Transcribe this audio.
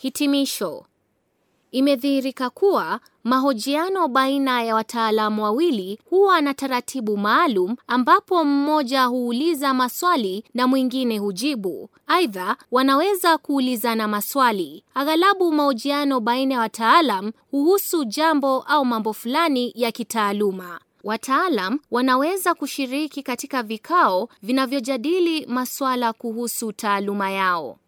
Hitimisho. Imedhihirika kuwa mahojiano baina ya wataalamu wawili huwa na taratibu maalum ambapo mmoja huuliza maswali na mwingine hujibu. Aidha, wanaweza kuulizana maswali. Aghalabu mahojiano baina ya wataalam huhusu jambo au mambo fulani ya kitaaluma. Wataalam wanaweza kushiriki katika vikao vinavyojadili masuala kuhusu taaluma yao.